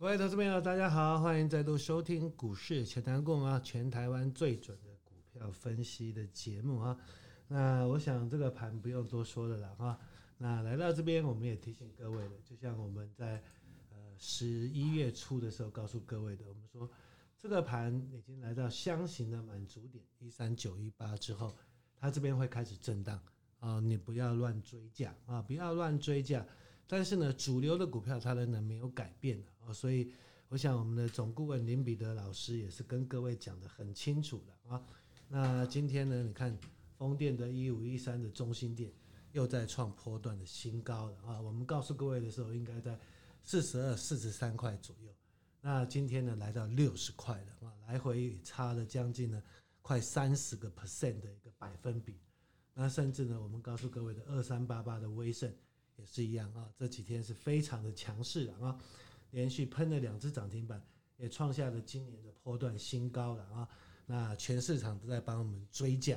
各位投資朋友，大家好，歡迎再度收聽《股市強強滾啊》，全台灣最準的股票分析的節目啊。那我想這個盤不用多說了啦，啊，哈。那來到這邊，我們也提醒各位的，就像我們在呃十一月初的時候告訴各位的，我們說這個盤已經來到箱型的滿足點一三九一八之後，它這邊會開始震盪啊，哦，你不要亂追價啊，哦，不要亂追價。但是呢，主流的股票它仍然沒有改變的啊，所以我想我們的總顧問林彼得老師也是跟各位講得很清楚的啊。那今天呢，你看風電的一五一三的中心點又在創波段的新高了啊。我們告訴各位的時候應該在四十二、四十三塊左右，那今天呢來到六十塊了啊，來回差了將近呢快三十個 percent 的一個百分比。那甚至呢，我們告訴各位的二三八八的威盛。也是一樣啊，這幾天是非常的強勢的啊，連續噴了兩隻漲停板，也創下了今年的波段新高了啊。那全市場都在幫我們追價，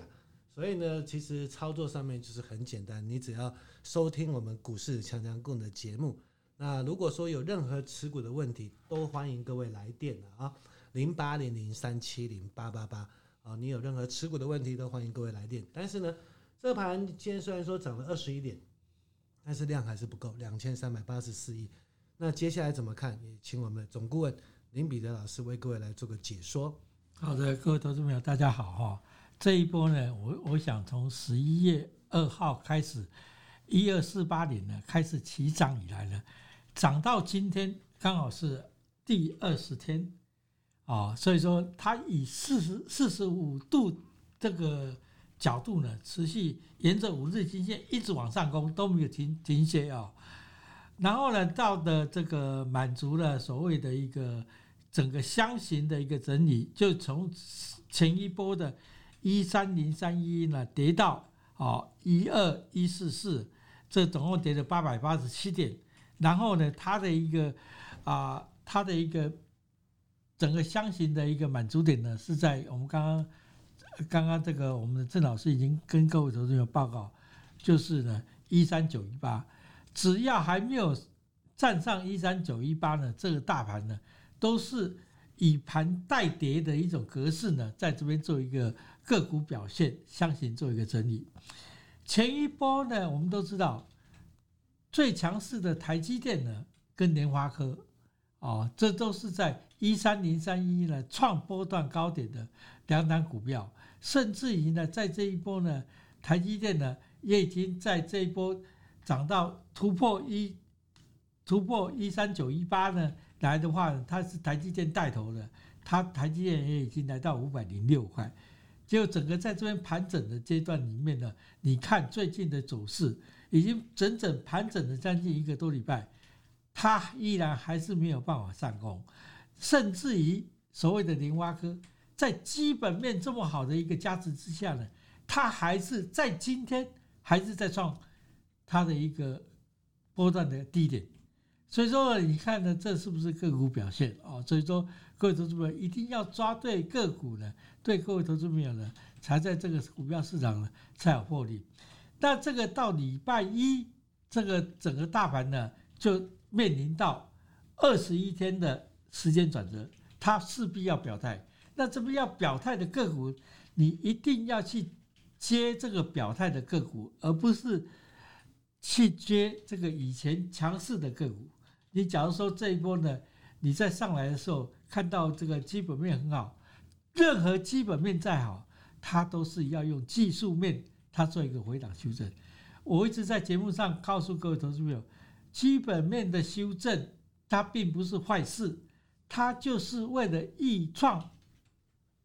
所以呢，其實操作上面就是很簡單，你只要收聽我們股市強強滾的節目。那如果說有任何持股的問題，都歡迎各位來電的啊，零八零零三七零八八八啊，8, 你有任何持股的問題，都歡迎各位來電。但是呢，這盤今天雖然說漲了二十一點。但是量還是不夠，兩千三百八十四億。那接下來怎麼看？也請我們總顧問林彼得老師為各位來做個解說。好的，各位投資朋友，大家好哈。這一波呢，我我想從十一月二號開始，一二四八點呢開始起漲以來呢，漲到今天剛好是第二十天啊，所以說它以四十四十五度這個。角度呢，持續沿着五日均線一直往上攻，都沒有停停歇哦。然後呢，到的這個滿足了所謂的一個整個箱型的一個整理，就從前一波的一三零三一呢跌到哦一二一四四，這總共跌了八百八十七點。然後呢，它的一個啊、呃，它的一個整個箱型的一個滿足點呢，是在我們剛剛。剛剛這個我們的鄭老師已經跟各位投資人有報告，就是呢一三九一八，18, 只要還沒有站上一三九一八呢，這個大盤呢都是以盤帶跌的一種格式呢，在這邊做一個個股表現相信做一個整理。前一波呢，我們都知道最強勢的台積電呢跟聯發科啊、哦，這都是在一三零三一呢創波段高點的兩檔股票。甚至於呢，在這一波呢，台積電呢也已經在這一波漲到突破一突破一三九一八呢，來的話，它是台積電帶頭的，它台積電也已經來到五百零六塊。結果，整個在這邊盤整的階段裡面呢，你看最近的走勢，已經整整盤整了將近一個多禮拜，它依然還是沒有辦法上攻，甚至於所謂的零蛙哥。在基本面這麼好的一個加持之下呢，他還是在今天還是在創他的一個波段的低點。所以說你看呢，這是不是個股表現哦，所以說各位投資朋友一定要抓對個股呢，對各位投資朋友呢，才在這個股票市場呢才有獲利。但這個到禮拜一，這個整個大盤呢就面臨到二十一天的時間轉折，他勢必要表態。那這邊要表態的個股，你一定要去接這個表態的個股，而不是去接這個以前強勢的個股。你假如說這一波呢，你在上來的時候看到這個基本面很好，任何基本面再好，它都是要用技術面它做一個回檔修正。我一直在節目上告訴各位投資朋友，基本面的修正它並不是壞事，它就是為了易創。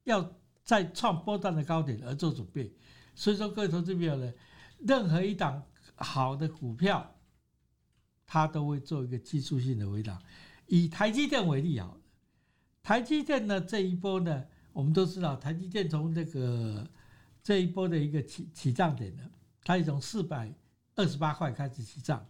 要再創波段的高點而做準備，所以說各位投資朋友呢，任何一檔好的股票，它都會做一個技術性的回檔。以台積電為例啊，台積電呢這一波呢，我們都知道台積電從這個這一波的一個起起漲點呢，它也從四百二十八塊開始起漲，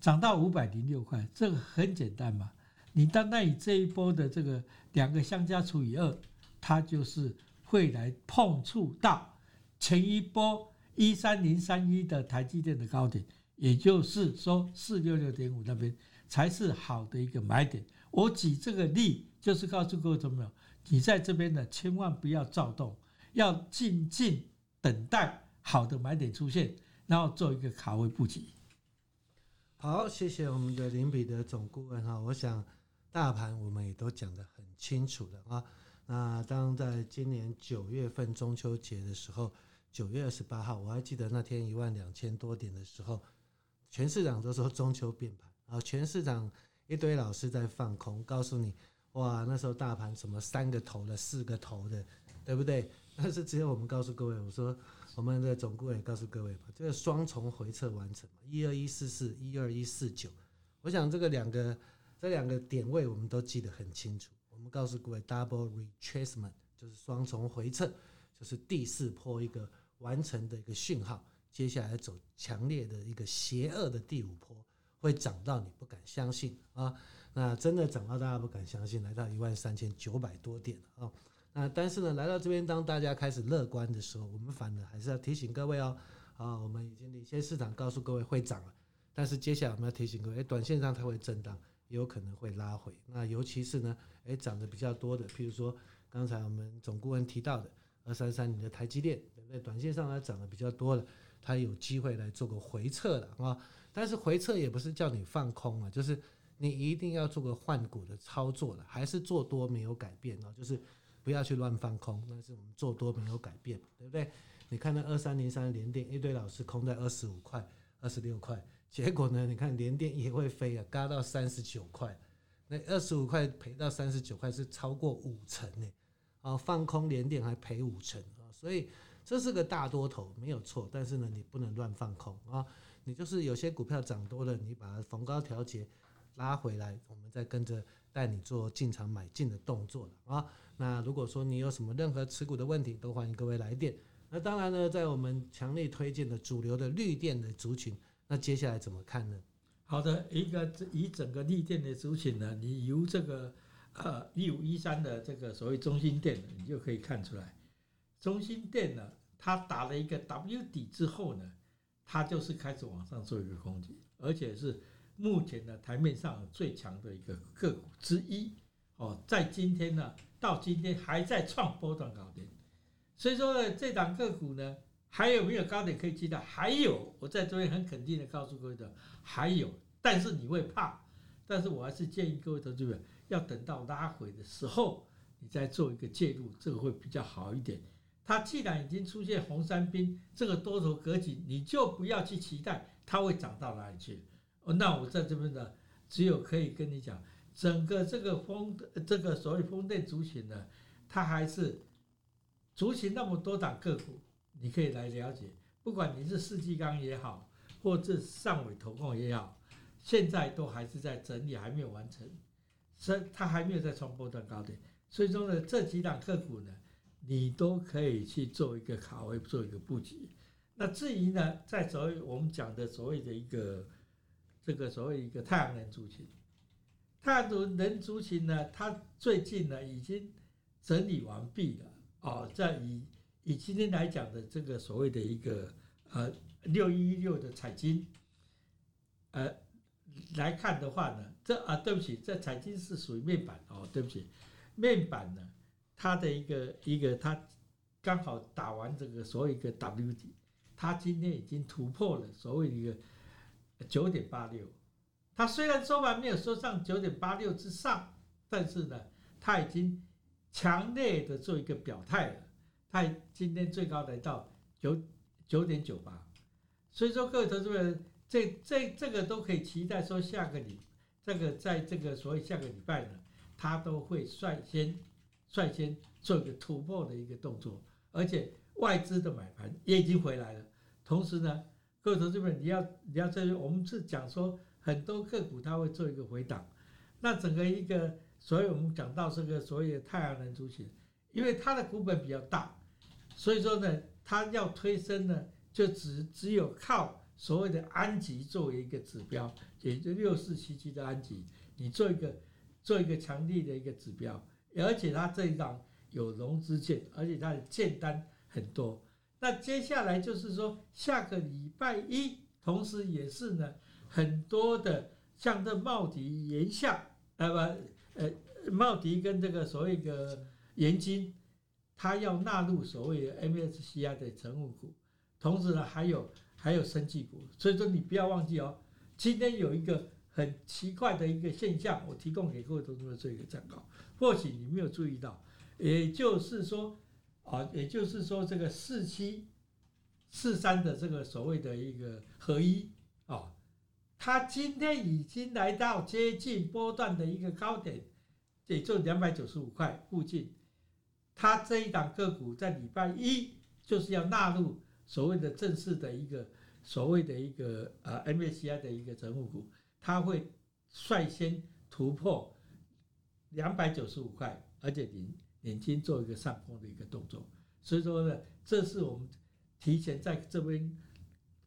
漲到五百零六塊，這個很簡單嘛，你單單以這一波的這個兩個相加除以二。它就是會來碰觸到前一波一三零三一的台積電的高點，也就是說四六六點五那邊才是好的一個買點。我舉這個例，就是告訴各位朋友，你在這邊呢千萬不要躁動，要靜靜等待好的買點出現，然後做一個卡位布局。好，謝謝我們的林彼得的總顧問哈。我想大盤我們也都講得很清楚了啊。那當在今年九月份中秋節的時候，九月二十八號，我還記得那天一萬兩千多點的時候，全市場都說中秋變盤，全市場一堆老師在放空，告訴你，哇，那時候大盤什麼三個頭的、四個頭的，對不對？但是只有我們告訴各位，我說我們的總顧問也告訴各位吧，這個雙重回撤完成，一二一四四、一二一四九，我想這個兩個這兩個點位我們都記得很清楚。我們告訴各位，double retracement 就是雙重回撤，就是第四波一個完成的一個訊號，接下來走強烈的一個邪惡的第五波，會漲到你不敢相信啊、哦！那真的漲到大家不敢相信，來到一萬三千九百多點啊、哦！那但是呢，來到這邊，當大家開始樂觀的時候，我們反而還是要提醒各位哦，啊、哦，我們已經領先市場告訴各位會漲了，但是接下來我們要提醒各位，誒，短線上它會震盪。有可能會拉回，那尤其是呢，誒、欸，漲得比較多的，譬如說剛才我們總顧問提到的二三三零你的台積電，那短線上它漲得比較多了，它有機會來做個回撤的啊、哦。但是回撤也不是叫你放空啊，就是你一定要做個換股的操作了，還是做多沒有改變啊、哦，就是不要去亂放空。但是我們做多沒有改變嘛，對不對？你看那二三零三聯電一堆老師空在二十五塊、二十六塊。結果呢，你看聯電也會飛啊，嘎到三十九塊，那二十五塊賠到三十九塊是超過五成耶。啊，放空聯電還賠五成啊，所以這是個大多頭沒有錯。但是呢，你不能亂放空啊。你就是有些股票漲多了，你把它逢高調節拉回來，我們再跟着帶你做進場買進的動作了啊。那如果說你有什麼任何持股的問題，都歡迎各位來電。那當然呢，在我們強烈推薦的主流的綠電的族群。那接下來怎麼看呢？好的，一個以整個力電的族群呢，你由這個呃一五一三的這個所謂中興電呢，你就可以看出來，中興電呢，它打了一個 W 底之後呢，它就是開始往上做一個攻擊，而且是目前的台面上最強的一個個股之一。哦，在今天呢，到今天還在創波段高點，所以說這檔個股呢。還有沒有高點可以期待？還有，我在這邊很肯定的告訴各位的，還有。但是你會怕，但是我還是建議各位同志們要等到拉回的時候，你再做一個介入，這個會比較好一點。它既然已經出現紅三兵這個多頭格局，你就不要去期待它會漲到哪裡去。那我在這邊呢，只有可以跟你講，整個這個風，這個所謂風電族群呢，它還是族群那麼多檔個股。你可以來了解，不管你是世紀鋼也好，或者上緯投控也好，現在都還是在整理，還沒有完成，所以它還沒有在創波段高點。所以說呢，這幾檔個股呢，你都可以去做一個卡位，做一個布局。那至於呢，在所謂我們講的所謂的一個這個所謂一個太陽能族群，太陽能族群呢，它最近呢已經整理完畢了，哦，在以。以今天來講的這個所謂的一個呃六一六的彩晶，呃來看的話呢，這啊對不起，這彩晶是屬於面板哦，對不起，面板呢，它的一個一個它剛好打完這個所謂一個 W 底，它今天已經突破了所謂一個九點八六，它雖然收盤沒有收上九點八六之上，但是呢，它已經強烈的做一個表態了。嗨，今天最高來到九九點九八，所以說各位投資朋友這這這個都可以期待說下個禮，這個在這個所謂下個禮拜呢，它都會率先率先做一個突破的一個動作，而且外資的買盤也已經回來了。同時呢，各位投資朋友，你要你要在，我們是講說很多個股它會做一個回檔，那整個一個，所以我們講到這個所謂的太陽能族群，因為它的股本比較大。所以說呢，它要推升呢，就只只有靠所謂的安集作為一個指標，也就是六四七七的安集，你做一個做一個強力的一個指標，而且它這一檔有融資券，而且它的券單很多。那接下來就是說下個禮拜一，同時也是呢很多的像這茂迪、鹽下啊不，呃，茂迪跟這個所謂的元晶。他要納入所謂的 MSCI 的成分股，同時呢，還有還有生技股。所以說，你不要忘記哦。今天有一個很奇怪的一個現象，我提供給各位同學做一個參考。或許你沒有注意到，也就是說，啊、哦，也就是說，這個四七四三的這個所謂的一個合一啊，它、哦、今天已經來到接近波段的一個高點，也就是兩百九十五塊附近。他這一檔個股在禮拜一就是要納入所謂的正式的一個所謂的一個呃 MSCI 的一個成分股，它會率先突破兩百九十五塊，而且你點睛做一個上攻的一個動作。所以說呢，這是我們提前在這邊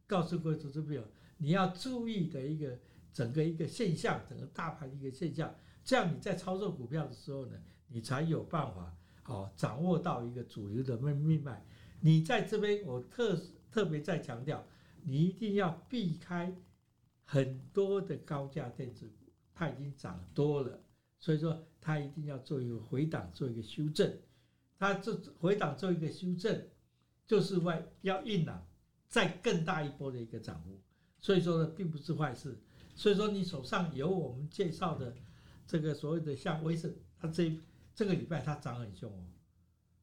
告訴各位投資朋友你要注意的一個整個一個現象，整個大盤一個現象。這樣你在操作股票的時候呢，你才有辦法。好，掌握到一個主流的命命脈。你在這邊，我特特別再強調，你一定要避開很多的高價電子股，它已經漲多了，所以說它一定要做一個回檔，做一個修正。它這回檔做一個修正，就是外要硬朗，再更大一波的一個掌握。所以說呢，並不是壞事。所以說你手上有我們介紹的這個所謂的像威盛，它這。這個禮拜它漲很凶哦，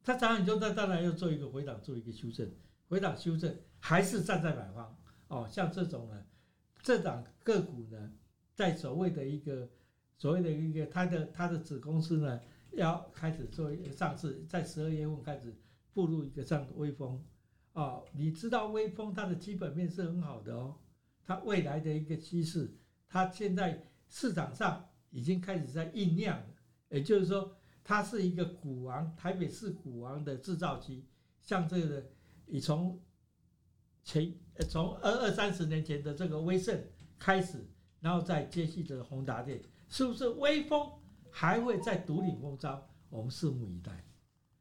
它漲很凶，它當然要做一個回檔，做一個修正。回檔修正還是站在買方哦。像這種呢，這檔個股呢，在所謂的一個所謂的一個它的它的子公司呢，要開始做一個上市，在十二月份開始步入一個這樣的微風哦。你知道微風它的基本面是很好的哦，它未來的一個趨勢，它現在市場上已經開始在醞釀，也就是說。它是一個股王，台北市股王的製造機，像這個，你從前呃從二二三十年前的這個威盛開始，然後再接續這個宏達電，是不是威鋒還會再獨領風騷？我們拭目以待。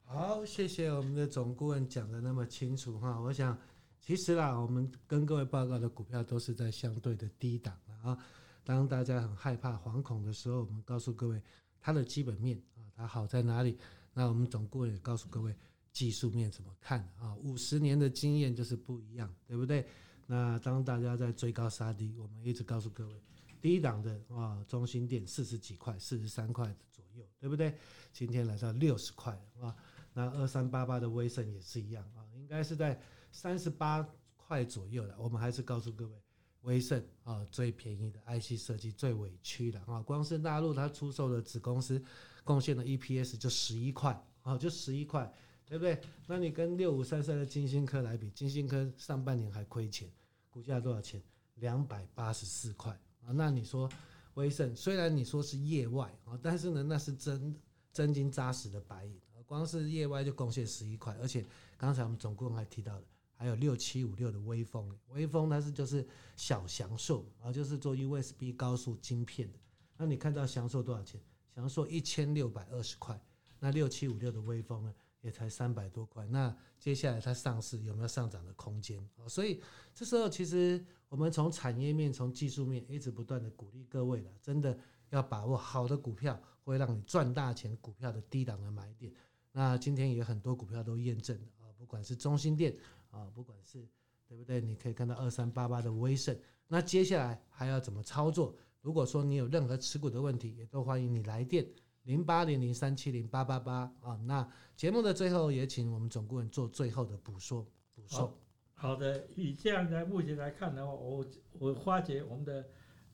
好，謝謝我們的總顧問講的那麼清楚哈。我想其實啦，我們跟各位報告的股票都是在相對的低檔啊。當大家很害怕、惶恐的時候，我們告訴各位它的基本面。它好在哪裡？那我們總共也告訴各位技術面怎麼看啊？五十年的經驗就是不一樣，對不對？那當大家在追高殺低，我們一直告訴各位，低檔的啊，中心點四十幾塊，四十三塊左右，對不對？今天來到六十塊啊，那二三八八的威盛也是一樣啊，應該是在三十八塊左右的。我們還是告訴各位，威盛啊，最便宜的 IC 設計，最委屈的啊，光是大陸它出售的子公司，貢獻的 EPS 就十一塊，哦，就十一塊，對不對？那你跟六五三三的金星科來比，金星科上半年還虧錢，股價多少錢？兩百八十四塊啊！那你說威盛，雖然你說是業外啊，但是呢，那是真真金扎實的白銀，光是業外就貢獻十一塊，而且剛才我們總共還提到的，還有六七五六的威鋒，威鋒它是就是小祥碩啊，就是做 USB 高速晶片的，那你看到祥碩多少錢？假如說一千六百二十塊，那六七五六的威鋒呢，也才三百多塊。那接下來它上市有沒有上漲的空間？所以這時候其實我們從產業面、從技術面一直不斷的鼓勵各位呢，真的要把握好的股票會讓你賺大錢。股票的低檔的買點，那今天也有很多股票都驗證啊，不管是中芯電啊，不管是對不對？你可以看到二三八八的威盛，那接下來還要怎麼操作？如果說你有任何持股的問題，也都歡迎你來電零八零零三七零八八八啊。那節目的最後也請我們總顧問做最後的補說補說好。好的，以這樣的目前來看的話，我我發覺我們的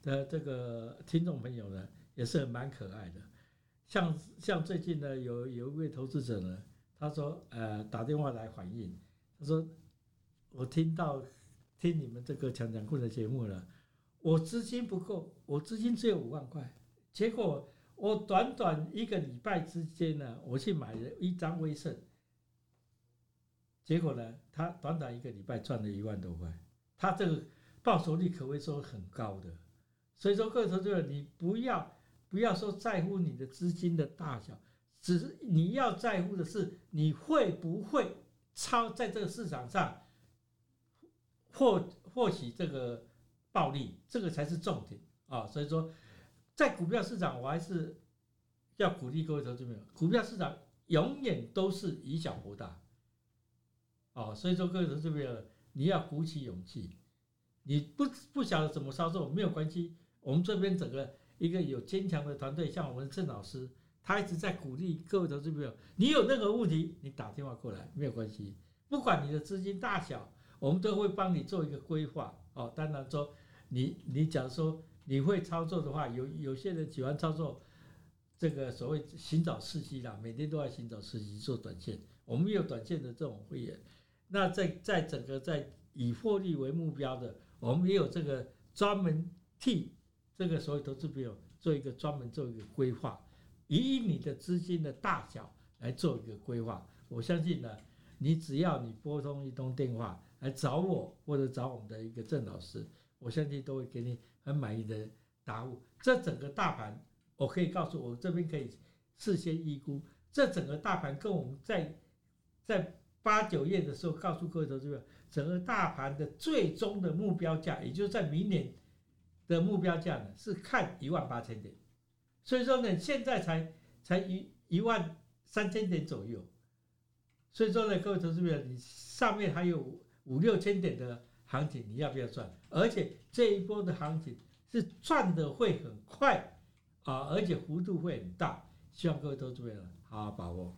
的這個聽眾朋友呢也是蠻可愛的。像像最近呢有有一位投資者呢，他說呃打電話來反映，他說我聽到聽你們這個強強滾的節目了。我資金不夠，我資金只有五萬塊，結果我短短一個禮拜之間呢，我去買了一張威盛，結果呢，他短短一個禮拜賺了一萬多塊，他這個報酬率可謂說很高的，所以說各位投資者，你不要不要說在乎你的資金的大小，只是你要在乎的是你會不會超在這個市場上獲獲取這個。暴利，這個才是重點啊，哦！所以說，在股票市場，我還是要鼓勵各位投資朋友。股票市場永遠都是以小博大啊，哦！所以說，各位投資朋友，你要鼓起勇氣。你不不曉得怎麼操作沒有關係，我們這邊整個一個有堅強的團隊，像我們鄭老師，他一直在鼓勵各位投資朋友。你有任何問題，你打電話過來沒有關係，不管你的資金大小，我們都會幫你做一個規劃哦。當然說。你你假如說你會操作的話，有有些人喜歡操作這個所謂尋找刺激啦，每天都要尋找刺激做短線。我們也有短線的這種會員，那在在整個在以獲利為目標的，我們也有這個專門替這個所謂投資朋友做一個專門做一個規劃，以你的資金的大小來做一個規劃。我相信呢，你只要你撥通一通電話來找我或者找我們的一個鄭老師，我相信都會給你很滿意的答覆這整個大盤，我可以告訴我這邊可以事先預估，這整個大盤跟我們在在八九月的時候告訴各位投資員，整個大盤的最終的目標價，也就是在明年的目標價呢，是看一萬八千點。所以說呢，現在才才一一萬三千點左右。所以說呢，各位投資員，你上面還有五六千點的。行情，你要不要賺？而且這一波的行情是賺的會很快啊、呃，而且幅度會很大，希望各位都注意了，好好把握。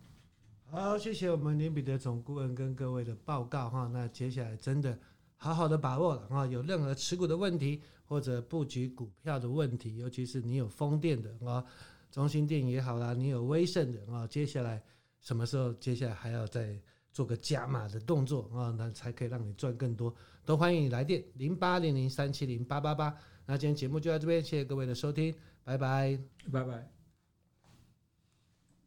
好，謝謝我們林彼得總顧問跟各位的報告哈、哦。那接下來真的好好的把握了啊、哦！有任何持股的問題或者布局股票的問題，尤其是你有風電的啊、哦，中興電也好啦，你有威盛的啊、哦，接下來什麼時候？接下來還要再。做個加碼的動作啊、哦，那才可以讓你賺更多。都歡迎你來電零八零零三七零八八八。那今天節目就到這邊，謝謝各位的收聽，拜拜，拜拜。